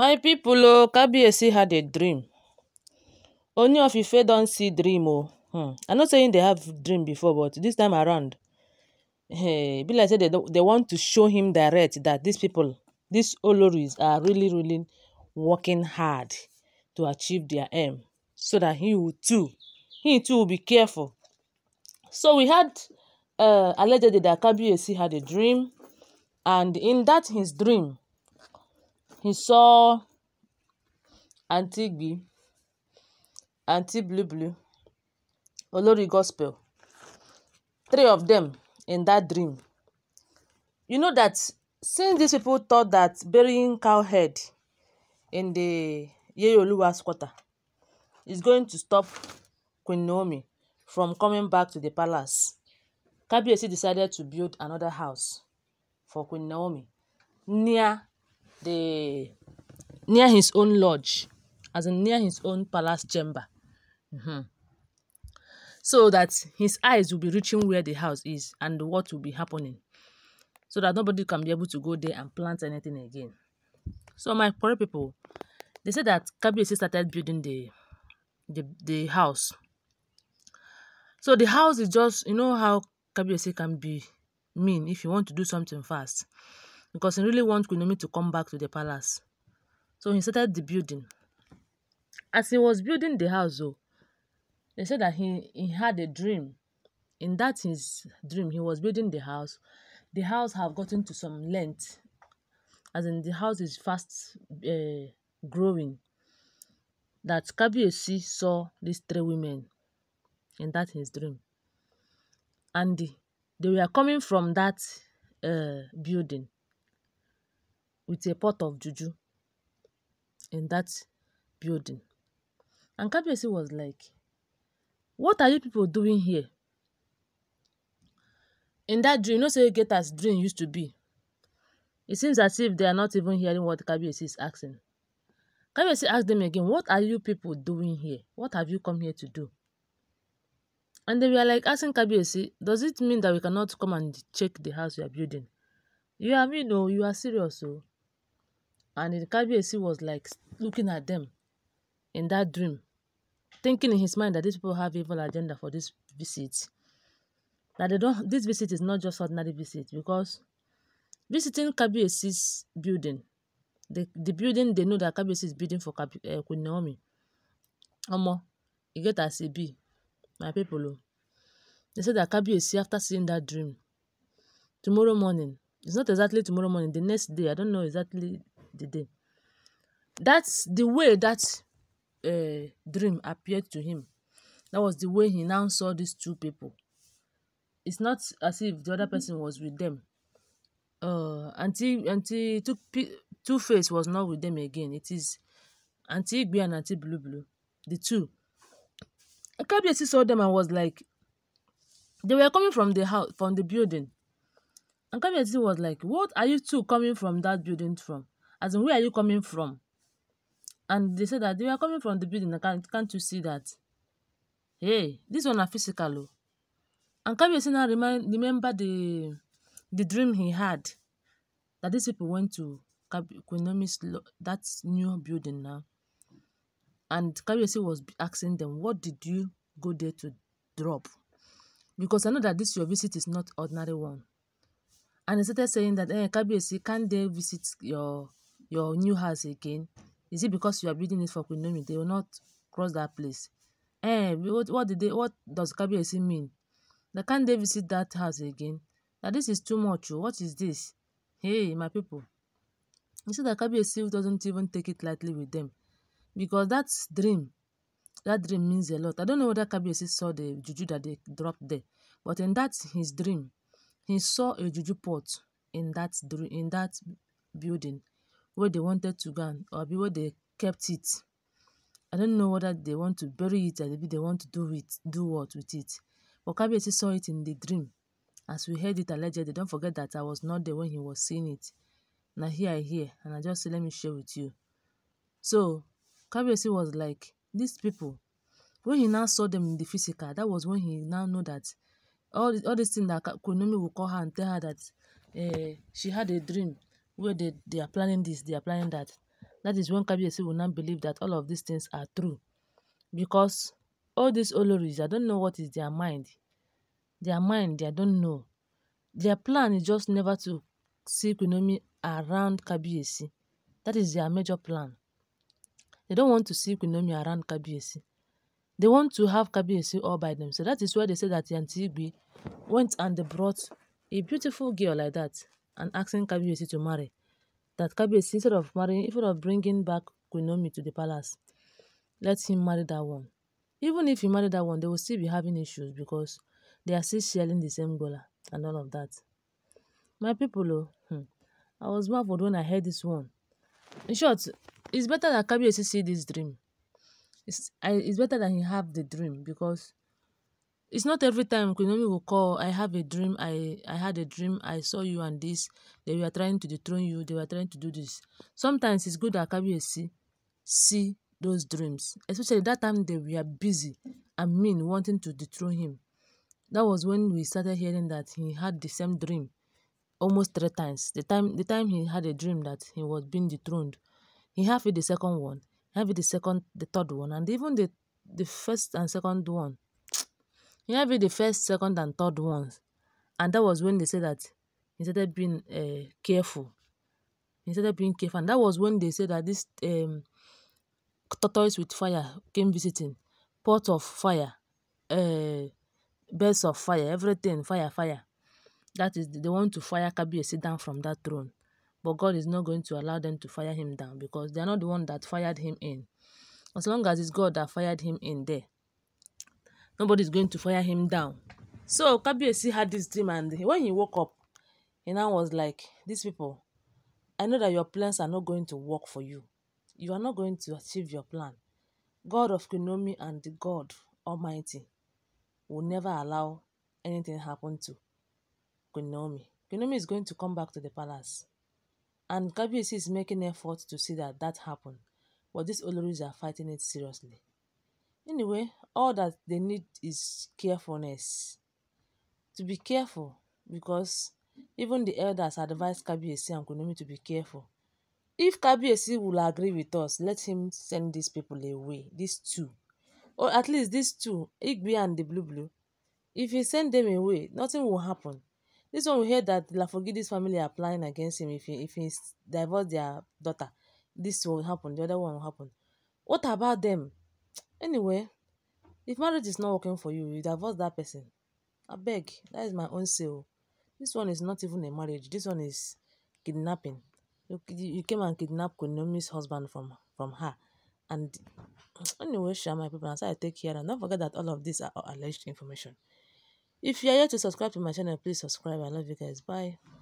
my people o kabiyesi had a dream ooni of ife don see dream o hmm. i know say im dey have dream before but this time around e be like say they, they want to show him direct that these people these oloris are really really working hard to achieve their aim so that he too he too will be careful so we had uh, allegedly that kabiyesi had a dream and in that his dream ìsọ̀ àǹtí ìgbì àǹtí bìlìbìlì olórí gospel three of them in that dream you know that since these people thought that burying cow head in the Yeyoluwa's quarter is going to stop Queen Naomi from coming back to the palace, Kabiyesi decided to build another house for Queen Naomi near the near his own lodge, as in near his own palace chamber. Mm -hmm. So that his eyes will be reaching where the house is and what will be happening. So that nobody can be able to go there and plant anything again. So my poor people, they said that Kabiyesi started building the, the the house. So the house is just you know how Kabiyesi can be mean if you want to do something fast because he really wants Kunomi to come back to the palace. So he started the building. As he was building the house, though, they said that he, he had a dream. In that his dream, he was building the house. The house have gotten to some length, as in the house is fast uh, growing. That Kabiyesi saw these three women in that his dream. And they were coming from that uh, building with a pot of juju in that building. And Kabiyesi was like, What are you people doing here? In that dream, you know, so you get as dream used to be. It seems as if they are not even hearing what Kabiyesi is asking. Kabiyesi asked them again, What are you people doing here? What have you come here to do? And they were like asking Kabiyesi, Does it mean that we cannot come and check the house you are building? You are, you know, you are serious, so oh. And the Kabiyesi was like looking at them in that dream, thinking in his mind that these people have evil agenda for this visit. That they don't this visit is not just ordinary visit because visiting Kabiyesi's building, the, the building they know that Kabiyesi is building for Kabi, uh, eh, Queen Naomi. Omo, you get as it my people. Oh. They said that Kabiyesi, after seeing that dream, tomorrow morning, it's not exactly tomorrow morning, the next day, I don't know exactly the day. That's the way that uh, dream appeared to him. That was the way he now saw these two people. It's not as if the other mm-hmm. person was with them. Uh, eh, Auntie, Auntie Two, two Face was not with them again. It is Auntie Igbe and Auntie Blue Blue, the two. Akabiesi saw them and was like, they were coming from the house, from the building. And Akabiesi was like, what are you two coming from that building from? as in where are you coming from and they said that they were coming from the building can't, can't you see that hey this one are physical oh. and kabiyesi now remind remember the the dream he had that these people went to Queen that new building now and kabiyesi was asking them what did you go there to drop because i know that this your visit is not ordinary one and he started saying that eh hey, kabiyesi can they visit your your new house again? Is it because you are building it for Queen they will not cross that place? Eh, what, what did they, what does Kabiyesi mean? That can't they visit that house again? That this is too much. Oh. What is this? Hey, my people. You see that Kabiyesi doesn't even take it lightly with them. Because that dream. That dream means a lot. I don't know whether Kabiyesi saw the juju that they dropped there. But in that his dream, he saw a juju pot in that in that building where they wanted to go or be where they kept it. I don't know whether they want to bury it or maybe they want to do it, do what with it. But Kabiesi saw it in the dream. As we heard it allegedly, don't forget that I was not there when he was seeing it. Now here I hear, and I just say, let me share with you. So, Kabiesi was like, these people, when he now saw them in the physical, that was when he now know that all, all these things that Konomi will call her and tell her that uh, she had a dream where they, they are planning this, they are planning that. That is when Kabiyesi will not believe that all of these things are true. Because all these Oloris, I don't know what is their mind. Their mind, they don't know. Their plan is just never to see Kunomi around Kabiyesi. That is their major plan. They don't want to see Kunomi around Kabiyesi. They want to have Kabiyesi all by themselves. So that is why they say that Yanti Igwe went and they brought a beautiful girl like that and asking Kabiyesi to marry. That Kabiyesi, instead of marrying, instead of bringing back Kunomi to the palace, let him marry that one. Even if he married that one, they will still be having issues because they are still sharing the same gola and all of that. My people, oh, hmm, I was marveled when I heard this one. In short, it's better that Kabiyesi see this dream. It's, I, it's better that he have the dream because It's not every time Konami will call, I have a dream, I, I had a dream, I saw you and this, they were trying to dethrone you, they were trying to do this. Sometimes it's good that Kabi see, see those dreams, especially that time they were busy, and mean, wanting to dethrone him. That was when we started hearing that he had the same dream almost three times. The time the time he had a dream that he was being dethroned, he had the second one, he had the second, the third one, and even the the first and second one. He had been the first, second and third ones and that was when they said that he started being uh, careful. He started being careful and that was when they said that this um, tortoise with fire came visiting, pot of fire, uh, eh, birds of fire, everything, fire, fire. That is, they want to fire Kabir sit down from that throne. But God is not going to allow them to fire him down because they are not the one that fired him in. As long as it's God that fired him in there, nobody's going to fire him down. So Kabiyesi had this dream and when he woke up, he now was like, these people, I know that your plans are not going to work for you. You are not going to achieve your plan. God of Kunomi and the God Almighty will never allow anything happen to Kunomi. Kunomi is going to come back to the palace. And Kabiyesi is making effort to see that that happen. But these Oloris are fighting it seriously. Anyway, all that they need is carefulness. To be careful because even the elders advised Kabiyesi and Kunumi to be careful. If Kabiyesi will agree with us, let him send these people away, these two. Or at least these two, Igbe and the Blue Blue. If he send them away, nothing will happen. This one we hear that Lafogidi's family are planning against him if he, if he divorce their daughter. This will happen, the other one will happen. What about them? Anyway, if marriage is not working for you you divorce that person abeg that is my own say o oh. this one is not even a marriage this one is kidnapping you, you came and kidnap Kunomi's husband from from her and anyway sha my people na so i take care and don't forget that all of these are alleged information if you are yet to subscribe to my channel please subscribe i love you guys bye.